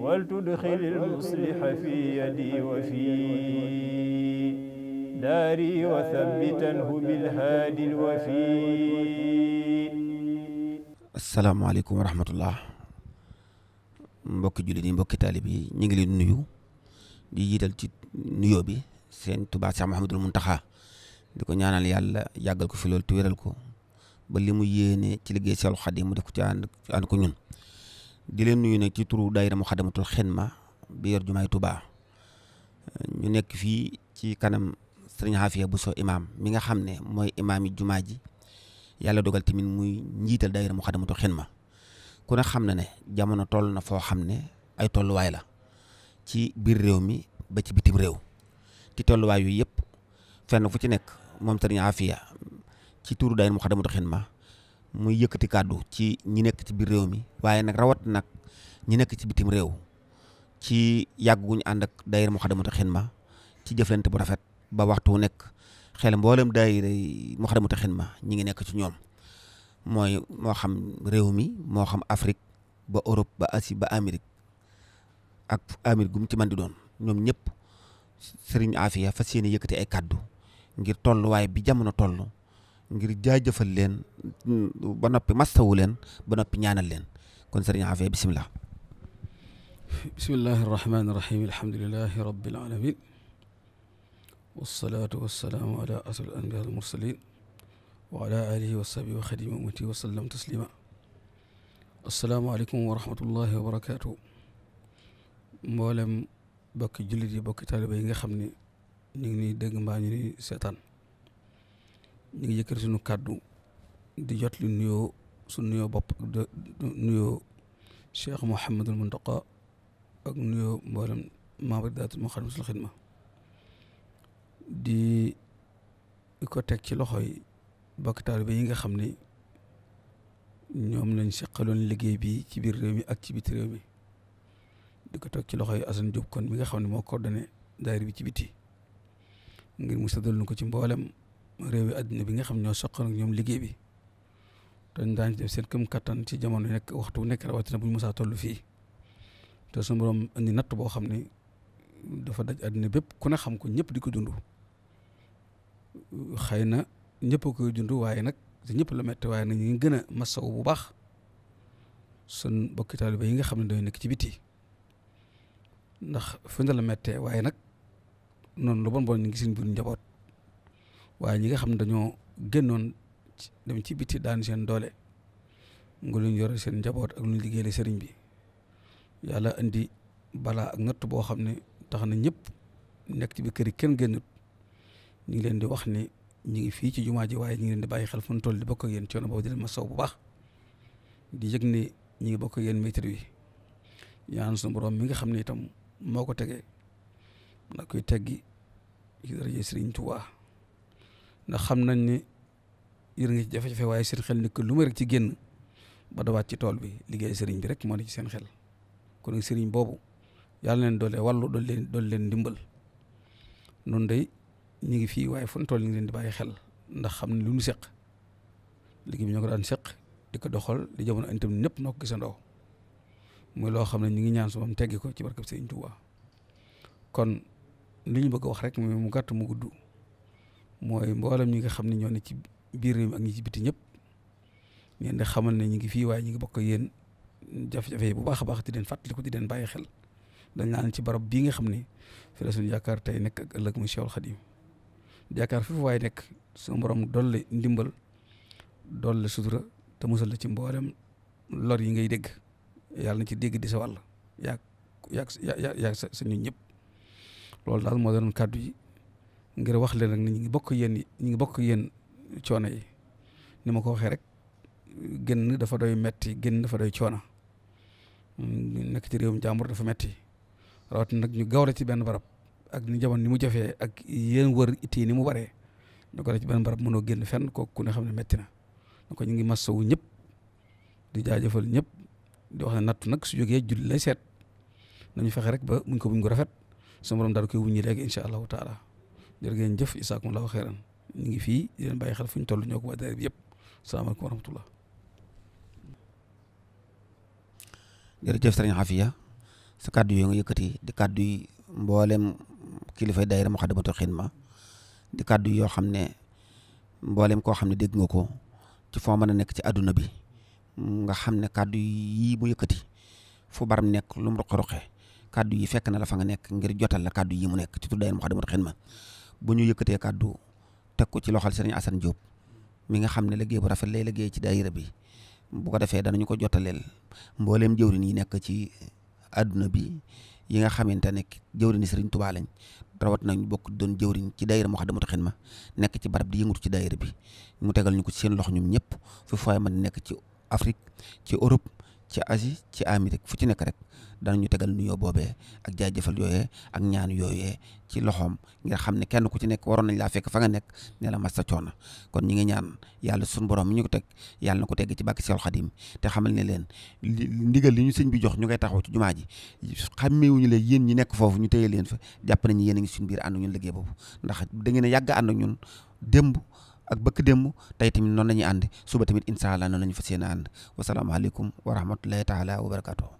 ولتدخل المصلح في يدي وفي داري وثبتنه بالهادي الوفي asalaamaaleykum wa rahmatullah mbokki jullit yi mbokki taalib yi ñu ngi leen nuyu di jiital ci nuyoo bi seen Tuubaa Seex Muhammadul Muntaxa di ko ñaanal yàlla yàggal ko fi loolu te wéral ko ba li mu yéene ci liggéey Seexul Xadiim mu def ko ci ànd ànd ko ñun di nuyu nag ci turu day daayira Muxaddamatul Xidma bi yor jumaay Tuubaa ñu nekk fii ci kanam sëriñ bu Buso imaam mi nga xam ne mooy imaam yi jumaa ji yàlla dogal tamit muy njiital daayira Muxaddamatul Xidma ku ne xam na ne jamono toll na foo xam ne ay tolluwaay la ci biir réew mi ba ci bitim réew ci tolluwaay yu yëpp fenn fu ci nekk moom sëriñ Xaafiya ci turu daayira Muxaddamatul Xidma muy yëkkati kàddu ci ñi nekk ci biir réew mi waaye nag rawat nag ñi nekk ci bitim réew ci yàgg gu ànd ak daayira Moukhaddamatoul Khidma ci jëflante bu rafet ba waxtu nekk xel mboolem daayira Moukhaddamatoul Khidma ñi ngi nekk ci ñoom mooy moo xam réew mi moo xam Afrique ba Europe ba Asie ba Amérique ak Amérique gum ci man doon ñoom ñëpp sëriñ Afia fas yéene yëkkati ay kàddu ngir tolluwaay bi jamono toll. ngir jaajëfal leen ba noppi mastawu leen ba noppi ñaanal leen kon sëriñ Afee bisimilah. bismillahi irrahmani irrahim alhamdulilahi rabilalamin walsalaatu walsalaamu ala asal anbiya almursalin wa ala alihi wa sahbi wa xadima umati wa sallam taslima assalaamu aleykum wa rahmatullahi wa barakatuhu mboolem bokki jullit yi bokki taaliba yi nga xam ne ñu ngi nii dégg mbaa ñu ni seetaan ñu ngi yëkkati suñu kàddu di jot li nuyoo su nuyoo bopp ak de nuyoo Cheikh Mouhamadul Muntaqa ak nuyoo mboolem membre daatul Moukhaddamatoul Khidma di ko teg ci loxo yi bokk taalibe yi nga xam ni ñoom lañ seqaloon liggéey bi ci biir réew mi ak ci biti réew mi di ko teg ci loxo yi Assane Diop kon mi nga xam ne moo coordonné daayira bi ci biti ngir mu séddal nu ko ci mboolem. réew yi bi nga xam ñoo soqal ak ñoom liggéey bi te ñu daan seen këm kattan ci jamono nekk waxtu nekk rawatina bu ñu mosaa toll fii te suñu natt boo xam ne dafa daj àdduna bépp ku ne xam ko ñëpp di ko dund xëy na ñëpp a koy dund waaye nag te ñëpp la metti waaye nag ñu ngi gën a masaw bu baax sun bokki taalibe yi nga xam ne day nekk ci biti ndax fu ne la mettee waaye nag noonu lu bon bon ñu ngi seen biir njaboot waaye ñi nga xam ne dañoo génnoon dem ci bitti daan seen doole nga luñ yore seen njaboot ak luñ liggéeyale sëriñ bi yàlla indi balaa ak natt boo xam ne tax na ñëpp nekk ci bi kër yi kenn génnut ngi leen di wax ni ñu ngi fii ci jumaa ji waaye ñu ngi leen di bàyyi xel fu ñu toll di bokk ak yéen coono boobu di ma saw bu baax di yëg ni ñu ngi bokk ak yéen maitre bi ñaan suñu borom mi nga xam ne itam moo ko tegee na koy teggi ci daraje Sëriñ ndax xam nañ ni yër nga ci jafe-jafe waaye seen xel nekk lu ma rek ci génn ba dawaat ci tool bi liggéey sëriñ bi rek moo ne ci seen xel kon nag sëriñ boobu yàlla leen doole wàllu dool leen leen ndimbal noonu day ñu ngi fii waaye fu tool toll ñu ngi leen di bàyyi xel ndax xam ne lu ñu seq liggéey bi ñoo ko daan seq di ko doxal di jamono itam ñëpp noo ko gisandoo loo xam ne ñu ngi ñaan sumam teggi ko ci barkab sëriñ Tuubaa kon li ñu bëgg a wax rek mu gàtt mu gudd mooy mboolem ñi nga xam ne ñoo ne ci biir réew mi ak ñi ci biti ñëpp ngeen di xamal ne ñu ngi fii waaye ñu ngi bokk yéen jafe-jafe bu baax a baax di leen fàttaliku di den bàyyi xel dañ naan ci barab bii nga xam ni fi la suñu yaakaar tey nekk ak ëllëg muy Cheikhul Khadim yaakaar foofu waaye nekk suñu borom dolli ndimbal dolli sutura te musal la ci mboolem lor yi ngay dégg yàlla na ci dégg di sa wàll yaa yaa sa ñun ñëpp loolu daal moo doon kàddu yi. ngir wax leen rek ni ñu ngi bokk yéen ñu ngi bokk yéen coono yi ni ma ko waxee rek génn dafa doy metti génn dafa doy coona nekk ci réewum jàmbur dafa metti rawat nag ñu gawle ci benn barab ak ni jamono ni mu jafee ak yéen wër itti ni mu waree ñu gawle ci benn barab mënoo génn fenn kooku ku ne xam ne metti na ko ñu ngi masawu ñëpp di jaajëfal ñëpp di wax na nattu nag su jógee julli lay seet nañu fexe rek ba muñ ko buñ ko rafet su borom daal koy wuñ ñi léegi incha allahu taala jërë ngeen jëf isaakumullahu xeeran ñu ngi fii di leen bàyyi xel fu ñu toll ñoo ko waa daayira bi yëpp salaamaaleykum wa rahmatullah jërëjëf sëriñ Xafiya sa kàddu yooyu nga yëkkati di kàddu yi mboolem kilifay daayira Moukhaddamatoul Khidma di kàddu yoo xam ne mboolem koo xam ne dégg nga ko ci foo mën a nekk ci àdduna bi nga xam ne kàddu yii mu yëkkati fu baram nekk lu mu roqe roqe kàddu yi fekk na la fa nga nekk ngir jotal la kàddu yi mu nekk ci tur daayira Moukhaddamatoul Khidma bu ñu yëkkatee kàddu teg ko ci loxol sëriñ Assane Diop mi nga xam ne liggéey bu rafet lay liggéey ci daayira bi bu ko defee danañu ko jottaleel mbooleem jëwrin yi nekk ci adduna bi yi nga xamante ne jëwrini sëriñ Tuubaa lañ rawat nañ bokk doon jëwriñ ci daayira Moukhaddamatoul ma nekk ci barab di yëngatu ci daayira bi mu tegal ñu ko ci seen loxo ñoom ñëpp fu mën nekk ci Afrique ci Europe ci asi ci Amérique fu ci nekk rek ñu tegal nuyoo boobee ak jaajëfal yooyee ak ñaan yooyee ci loxoom nga xam ne kenn ku ci nekk waroon nañ laa fekk fa nga nekk ne la massa coona kon ñi ngi ñaan yàlla suñu borom mi ñu ko teg yàlla na ko tegg ci bàkki Seexul Xadim te xamal ne leen ndigal li ñu sëñ bi jox ñu ngay taxaw ci jumaa ji xàmmeewuñu leen yéen ñu nekk foofu ñu téye leen fa jàpp nañu yéen a ngi suñu biir ànd ñun liggéey boobu ndax da ngeen a yàgg ànd ñun démb ak bëkk démb tey tamit noonu la ñuy ànd suba tamit incha allah noonu fa ñu fas yéene ànd wasalaamaaleykum wa rahmatullahi taala wa barakaatu.